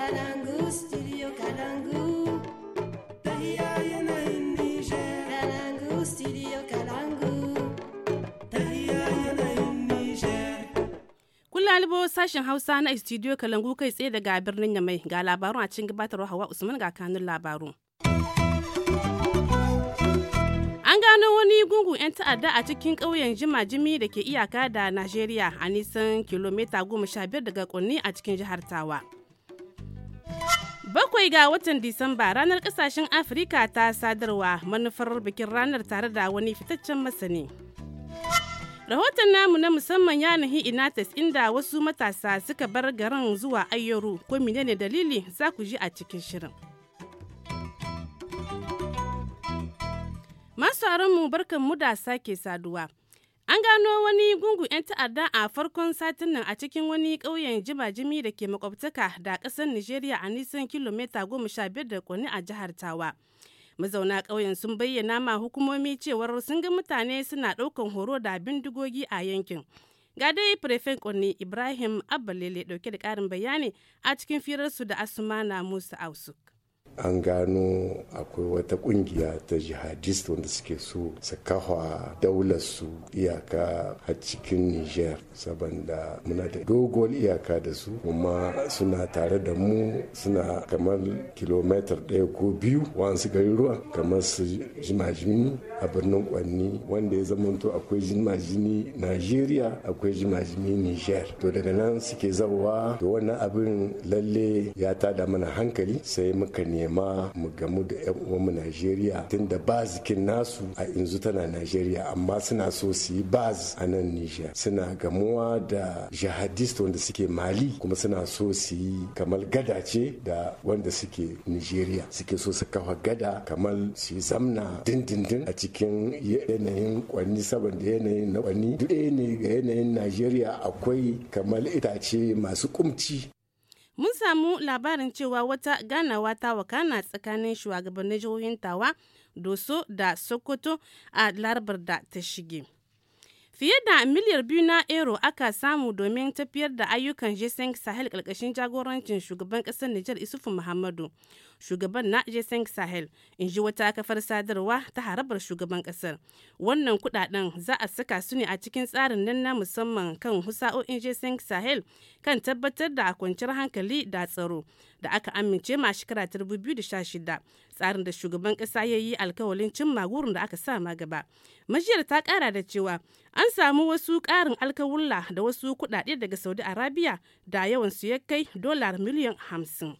Kalangu, sashen Hausa na studio Kalangu kai tsaye daga birnin Yamai ga labarun a cikin gabatarwa Hawa Usman ga kanun labaru. An gano wani gungun 'yan ta'adda a cikin ƙauyen jimajimi da ke iyaka da Najeriya a nisan kilomita 15 daga kunni a cikin jihar Tawa. Bakwai ga watan Disamba ranar kasashen Afirka ta sadarwa manufar bikin ranar tare da wani fitaccen masani. Rahoton namu na musamman ya nahi Inatas inda wasu matasa suka bar garin zuwa Ayyoru ko menene dalili za ku ji a cikin shirin. Masu mu barkan mu da sake saduwa. An gano wani gungu 'yan ta'adda a farkon satin nan a cikin wani ƙauyen jima'jimi da ke makwabtaka da ƙasar Nijeriya a nisan kilomita goma sha biyar da kwani a jihar Tawa. Mazauna ƙauyen sun bayyana ma hukumomi cewar sun ga mutane suna ɗaukan horo da bindigogi a yankin. Ga dai Prefen Kwani Ibrahim Abbalele ɗauke da ƙarin bayani a cikin firarsu da Asumana Musa Ausuk. an gano akwai wata kungiya ta jihadist wanda suke so su kafa su iyaka a cikin niger saboda muna da dogon iyaka da su kuma suna tare da mu suna kamar kilomitar ɗaya ko biyu wa'ansu ruwa kamar su jimajimi a birnin kwanni wanda ya zamanto akwai jimajini najeriya akwai jimajini niger to daga nan suke zawa to wannan abin lalle ya tada mana hankali sai muka nema mu gamu da yan uwanmu najeriya tunda bazikin nasu a inzu tana najeriya amma suna so su yi baz a nan niger suna gamuwa da jihadist wanda suke mali kuma suna so su yi kamar gada ce da wanda suke nigeria suke so su kafa gada kamar su yi zamna dindindin a cikin cikin yanayin kwanni saboda yanayin na kwanni duk ne ga yanayin najeriya akwai kamar itace masu kumci mun samu labarin cewa wata ganawa ta wakana tsakanin shugabannin jihohin tawa doso da sokoto a larabar da ta shige fiye da miliyar biyu na euro aka samu domin tafiyar da ayyukan g sahel karkashin jagorancin shugaban kasar nijar isufu muhammadu shugaban na jason sahel in ji wata kafar sadarwa ta harabar shugaban kasar wannan kudaden za a saka su ne a cikin tsarin nan na musamman kan husa'o'in jason sahel kan tabbatar da kwanciyar hankali da tsaro da aka amince ma shekara 2016 tsarin da shugaban kasa ya yi alkawalin cimma gurin da aka sa ma gaba majiyar ta kara da cewa an samu wasu karin alkawulla da wasu kudade daga saudi arabia da yawan su ya kai dolar miliyan hamsin.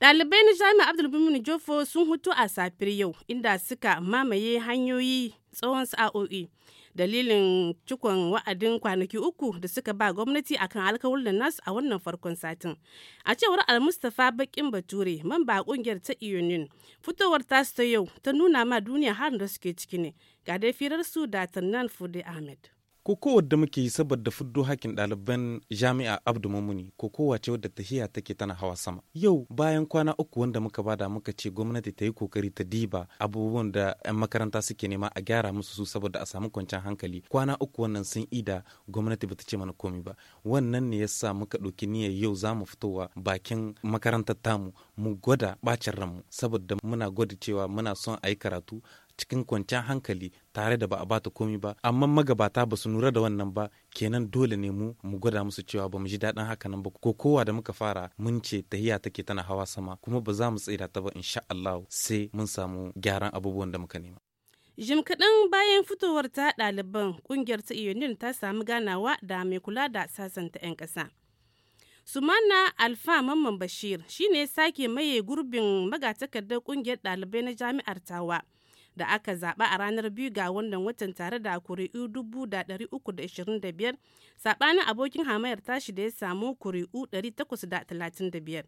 Ɗalibai na Jami'a Bimini Jofo sun hutu a safiyar yau inda suka mamaye hanyoyi tsawon sa'o'i. Dalilin cikon wa'adin kwanaki uku da suka ba gwamnati akan da nasu a wannan farkon satin. A cewar almustafa Bakin Bature, mamba kungiyar ta Union, fitowar tasu ta yau ta nuna ma duniya harin da suke ciki ne. Ga dai firar su da Tannan Fude Ahmed. ko da muke yi saboda fuddo hakin ɗaliban jami'a Abdu Mumuni, ko ce wadda tahiya take tana hawa sama. Yau bayan kwana uku wanda muka bada muka ce gwamnati ta yi kokari ta diba abubuwan da 'yan makaranta suke nema a gyara musu su saboda a samu kwanciyar hankali. Kwana uku wannan sun ida gwamnati bata ce mana komi ba. Wannan ne yasa muka ɗauki niyyar yau za mu fitowa bakin makarantar tamu mu gwada bacin ranmu saboda muna gwada cewa muna son a yi karatu cikin kwanciyar hankali tare da ba a bata komi ba amma magabata ba su nura da wannan ba kenan dole ne mu mu gwada musu cewa ba mu ji daɗin haka nan ba ko kowa da muka fara mun ce tahiya take tana hawa sama kuma ba za mu tsira ta ba insha Allah sai mun samu gyaran abubuwan da muka nema Jim kaɗan bayan fitowar ta ɗaliban ƙungiyar ta Union ta samu ganawa da mai kula da sasanta 'yan ƙasa. Sumana Alfa Mamman Bashir shine sake maye gurbin magatakardar ƙungiyar ɗalibai na jami'ar Tawa. da aka zaɓa a ranar biyu ga wannan watan tare da kuri'u da biyar saɓanin abokin hamayar tashi da ya samu kuri'u 835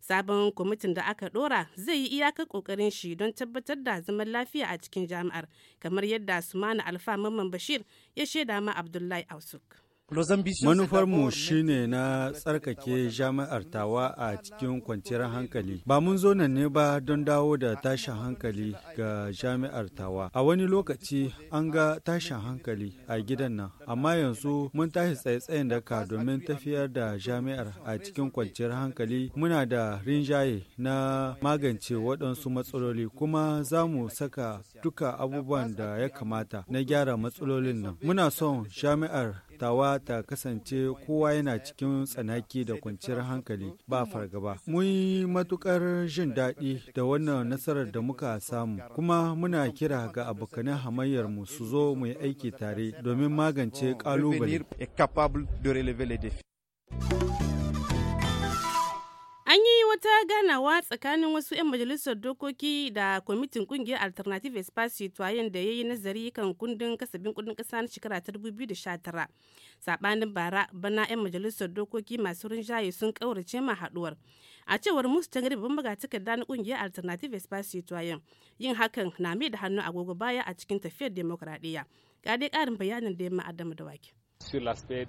sabon kwamitin da aka ɗora zai yi iyakar ƙoƙarin shi don tabbatar da zaman lafiya a cikin jami'ar kamar yadda sumana alfa mamman bashir ya shaida ma abdullahi ausuk Manufarmu shi ne na tsarkake jami'ar tawa a cikin kwanciyar hankali. Ba mun zo nan ne ba don dawo da tashin hankali ga jami'ar tawa. A wani lokaci an ga tashin hankali a gidan nan, amma yanzu mun tashi tsaye-tsayen daka domin tafiyar da jami'ar a cikin kwanciyar hankali muna da rinjaye na magance waɗansu matsaloli kuma za mu saka duka abubuwan da ya kamata na gyara matsalolin nan. Muna son jami'ar tawa ta kasance kowa yana cikin tsanaki da kwanciyar hankali ba fargaba. Mun yi matukar jin daɗi da wannan nasarar da muka samu, kuma muna kira ga abokanan hamayyar mu su zo mu yi aiki tare domin magance ƙalubale. An yi wata ganawa tsakanin wasu 'yan majalisar dokoki da kwamitin kungiyar Alternative Espace Citoyen da ya yi nazari kan kundin kasabin kudin kasa na shekara ta 2019. Sabanin bara bana 'yan majalisar dokoki masu rinjaye sun kaurace ma haduwar. A cewar musu ta babban magatakarda na kungiyar Alternative Espace Citoyen yin hakan na mai da hannu agogo baya a cikin tafiyar demokradiyya. Ga dai karin bayanin da ya ma'adamu da wake.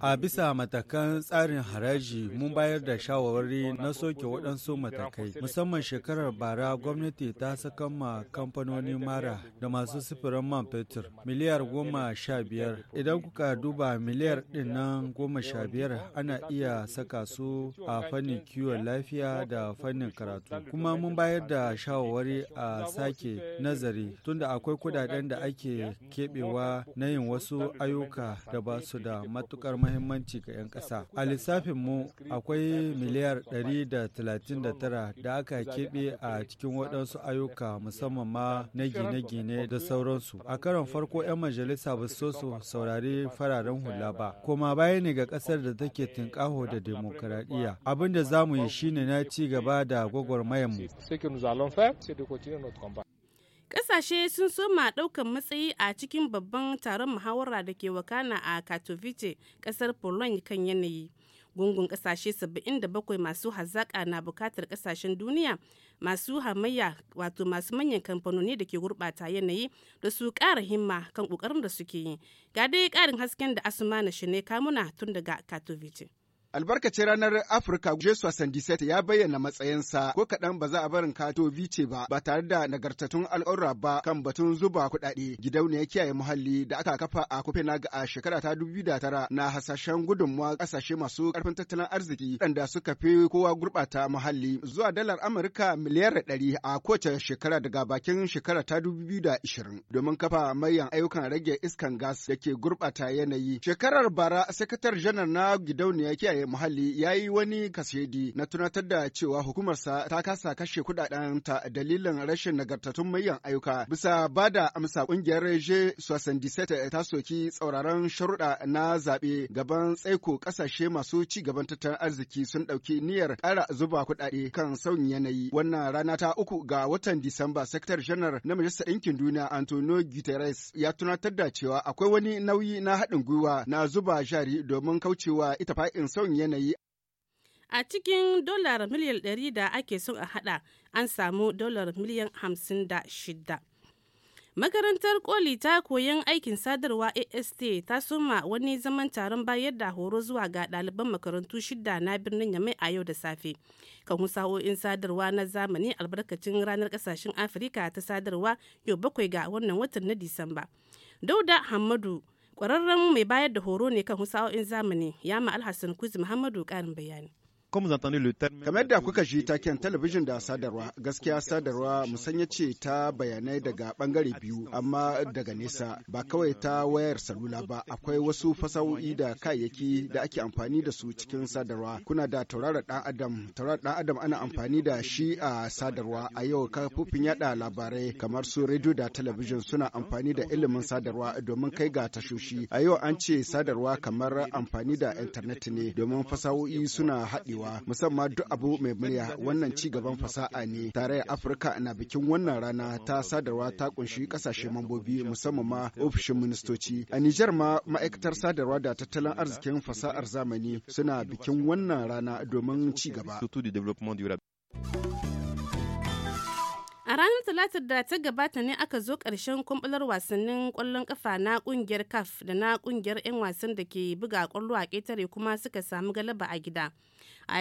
A bisa matakan tsarin haraji mun bayar da shawarwari na soke waɗansu matakai. Musamman shekarar bara gwamnati ta saka ma kamfanoni mara da masu sifirin man fetur miliyar goma sha biyar. Idan kuka duba miliyar ɗin goma sha biyar ana iya saka su a fannin kiwon lafiya da fannin karatu. Kuma mun bayar da shawarwari a sake nazari tunda akwai kudaden da ake keɓewa na yin wasu ayyuka da ba su da matukar mahimmanci ga 'yan ƙasa. A lissafin mu akwai miliyar 139 da aka keɓe a cikin waɗansu ayyuka musamman ma na gine-gine da sauransu. A karon farko 'yan majalisa ba so su saurari fararen hula ba, kuma baya ne ga ƙasar da take tinƙaho da demokaradiyya. Abin da za mu yi shine na ci gaba da gwagwarmayar Ƙasashe sun soma ɗaukan matsayi a cikin babban taron muhawara da ke wakana a Katowice, ƙasar Poland kan yanayi. Gungun ƙasashe 77 masu hazaƙa na bukatar ƙasashen duniya masu hamayya wato masu manyan kamfanoni da ke gurɓata yanayi da su ƙara himma kan ƙoƙarin da suke yi. Ga dai ƙarin hasken da Asuma na shine kamuna tun daga Katowice. Albarkacin ranar Afirka Jesu Sandisete ya bayyana matsayinsa ko kaɗan ba za a barin kato bice ba ba tare da nagartattun al'aura ba kan batun zuba kuɗaɗe gidauniyar kiyaye muhalli da aka kafa a ga a shekara ta tara na hasashen gudunmuwa ƙasashe masu ƙarfin tattalin arziki waɗanda suka fi kowa gurɓata muhalli zuwa dalar Amurka miliyar ɗari a kowace shekara daga bakin shekara ta ishirin domin kafa mayan ayyukan rage iskan gas da ke gurɓata yanayi. Shekarar bara sakatar janar na gidauniyar kiyaye kiyaye muhalli ya yi wani kasedi na tunatar da cewa hukumarsa ta kasa kashe kudaden ta dalilin rashin nagartattun mayan ayyuka bisa ba da amsa kungiyar je 77 ta soki tsauraran sharuɗa na zaɓe gaban tsaiko ƙasashe masu ci gaban tattalin arziki sun ɗauki niyyar ƙara zuba kuɗaɗe kan sauyin yanayi wannan rana ta uku ga watan disamba sektar janar na majalisar ɗinkin duniya antonio guterres ya tunatar da cewa akwai wani nauyi na haɗin gwiwa na zuba jari domin kaucewa ita fa'in sauyin sauyin yanayi a cikin dolar miliyan ɗari da ake son a hada an samu dolar miliyan hamsin da 56 makarantar koli ta koyan aikin sadarwa ast ta soma wani zaman taron bayar da horo zuwa ga ɗaliban makarantu shida na birnin yamai a yau da safe kan sa'o'in sadarwa na zamani albarkacin ranar ƙasashen afirka ta sadarwa yau bakwai ga wannan watan na disamba dauda hamadu kwararren mai bayar da horo ne kan husa'o'in zamani ya ma alhassan kuzi muhammadu karin bayani Kamar da kuka ji taken talabijin da sadarwa, gaskiya sadarwa musanya ce ta bayanai daga bangare biyu, amma daga nesa ba kawai ta wayar salula ba, akwai wasu fasahohi da kayayyaki da ake amfani da su cikin sadarwa. Kuna da tauraron dan Adam, tauraron dan Adam ana amfani da shi a sadarwa a yau kafofin yada labarai kamar su radio da talabijin suna amfani da ilimin sadarwa domin kai ga tashoshi. A yau an ce sadarwa kamar amfani da intanet ne domin fasahohi suna haɗewa cewa musamman duk abu mai murya wannan ci gaban fasaha ne tarayyar afirka na bikin wannan rana ta sadarwa ta kunshi kasashe mambobi musamman ma ofishin ministoci a nijar ma ma'aikatar sadarwa da tattalin arzikin fasahar zamani suna bikin wannan rana domin ci gaba A ranar Talatar da ta gabata ne aka zo karshen kumbular wasannin ƙwallon ƙafa na ƙungiyar CAF da na ƙungiyar 'yan wasan da ke buga ƙwallo a ƙetare kuma suka samu galaba a gida.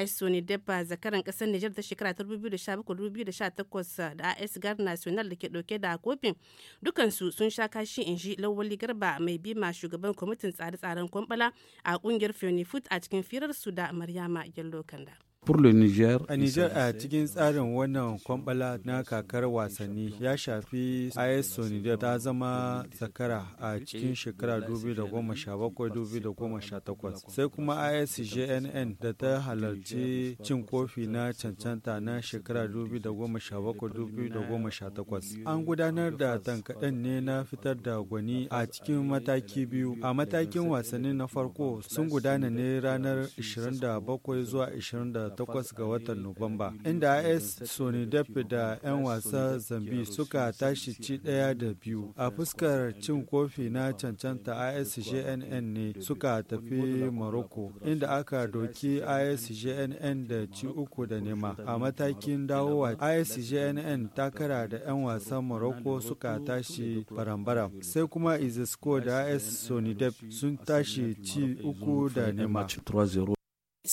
ISO ne dabba zakaran kasar Nijar ta shekara ta 2017-2018 da AS Gar National da ke dauke da kofin dukansu sun sha kashi in ji lawali garba mai bima shugaban kwamitin tsare-tsaren kwambala a kungiyar Fenifut a cikin firarsu da Maryama yallo Kanda. Purle Niger. A Niger a cikin tsarin wannan kwambala na kakar wasanni ya shafi IS Sonidep ta zama zakara a cikin shekara 2017-2018. Sai kuma ISJNN da ta halarci cin kofi na cancanta na shekara 2017-2018. An gudanar da tankaɗen ne na fitar da gwani a cikin mataki biyu. A matakin wasanni na farko sun gudana ne ranar 27 zuwa 28 takwas ga watan Nuwamba, inda AS Sonidape da 'yan wasa Zambi suka tashi ci ɗaya da biyu. A fuskar cin kofi na cancanta ISGNN ne suka tafi Morocco, inda aka doki ISGNN da ci uku da nema. A matakin dawowa ISGNN takara da 'yan wasan Morocco suka tashi barambaram Sai kuma izisko da IS Sonidep sun tashi ci uku da nema.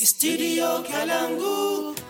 Studio Kalangu.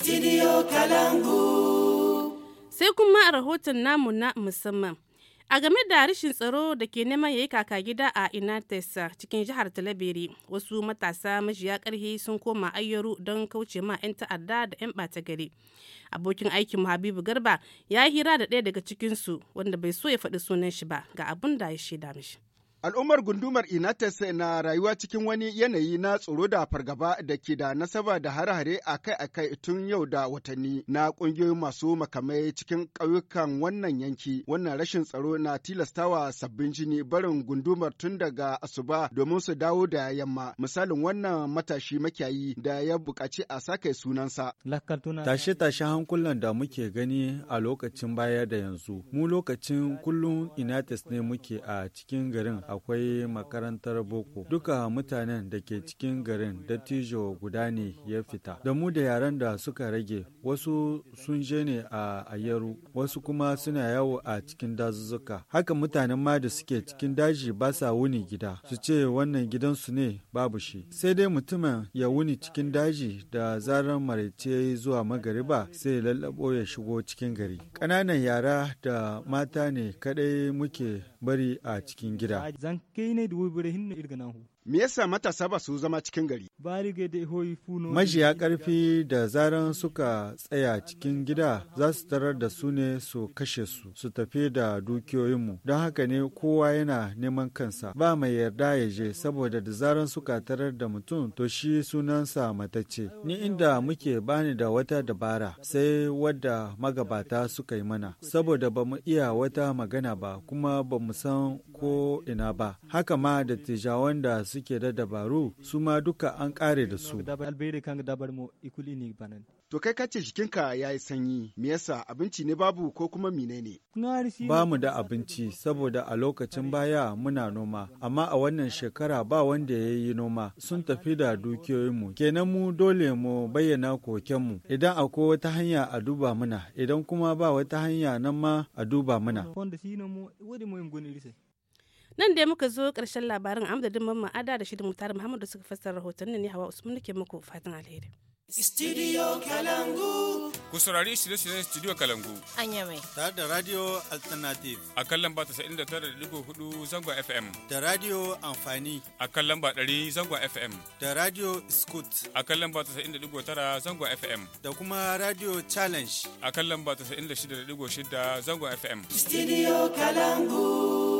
Studio Kalangu. Sai kuma a rahoton namu na musamman. A game da rashin tsaro da ke neman yayi kaka gida a Inatesa cikin jihar Talabiri, wasu matasa majiya karhi sun koma ayyaru don kauce ma 'yan ta'adda da 'yan ɓata gari. Abokin aikin Habibu Garba ya hira da ɗaya daga cikinsu wanda bai so ya faɗi sunan shi ba ga abin da ya shaida mishi. Al'ummar gundumar Inates na rayuwa cikin wani yanayi na tsoro da fargaba da ke da nasaba da hare-hare a kai tun yau da watanni na ƙungiyoyin masu makamai cikin ƙauyukan wannan yanki. Wannan rashin tsaro na tilastawa sabbin jini barin gundumar tun daga asuba domin su dawo da yamma. Misalin wannan matashi makiyayi da ya buƙaci a sake sunansa. Tashe-tashe hankulan da muke gani a lokacin baya da yanzu. Mu lokacin kullum Inates ne muke a cikin garin akwai makarantar boko duka mutanen da ke cikin garin dattijo guda ne ya fita da mu da yaran da suka rage wasu sun je ne a ayaru wasu kuma suna yawo a cikin dazuzzuka haka mutanen ma da suke cikin daji ba sa wuni gida su ce wannan gidansu ne babu shi sai dai mutumin ya wuni cikin daji da zarar maraice zuwa magariba sai lallabo ya shigo cikin gari ƙananan yara da mata ne kadai muke bari a cikin gida zan kei ne duwe bere hin irgana hu Me yasa matasa ba su zama cikin gari? Majiya ƙarfi da zaran suka tsaya cikin gida za su tarar da su ne su kashe su, su tafi da dukiyoyinmu. Don haka ne kowa yana neman kansa. Ba mai yarda ya je saboda da zaran suka tarar da mutum to shi sunansa matacce. Ni inda muke bani da wata dabara sai wadda magabata suka yi mana. Saboda ba mu iya wata magana ba kuma ba mu san ko ina ba. Haka ma da tijawan da su suke da dabaru su ma duka an kare da su. To kai ka ce jikinka ya yi sanyi, me yasa abinci ne babu ko kuma mine ne? Ba mu da abinci saboda a lokacin baya muna noma, amma a wannan shekara ba wanda ya yi noma sun tafi da dukiyoyinmu. Kenan mu dole mu bayyana kokenmu idan akwai wata hanya a duba muna, idan kuma ba wata hanya nan ma a duba muna. nan dai muka zo karshen labarin amdadin mamman ada da shirin mutar muhammadu suka fassara rahoton ne hawa usman nake muku fatan alheri Studio Kalangu. Ku saurari shirye-shiryen Studio Kalangu. Anya mai. Tare da Radio Alternative. A kan lamba hudu zangon FM. Da Radio Amfani. A kan lamba 100 zangon FM. Da Radio Scoot. A kan lamba tara zangon FM. Da kuma Radio Challenge. A kan lamba shida zangon FM. Studio Kalangu.